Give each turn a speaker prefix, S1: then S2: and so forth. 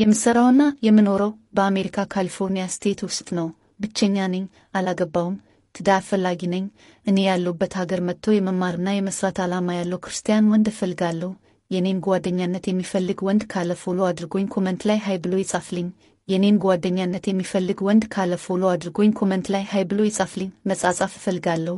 S1: የምሠራውና የምኖረው በአሜሪካ ካሊፎርኒያ ስቴት ውስጥ ነው። ብቸኛ ነኝ፣ አላገባውም፣ ትዳር ፈላጊ ነኝ። እኔ ያለሁበት ሀገር መጥቶ የመማርና የመስራት ዓላማ ያለው ክርስቲያን ወንድ እፈልጋለሁ። የኔን ጓደኛነት የሚፈልግ ወንድ ካለ ፎሎ አድርጎኝ ኮመንት ላይ ሀይ ብሎ ይጻፍልኝ። የኔን ጓደኛነት የሚፈልግ ወንድ ካለ ፎሎ አድርጎኝ ኮመንት ላይ ሀይ ብሎ ይጻፍልኝ። መጻጻፍ እፈልጋለሁ።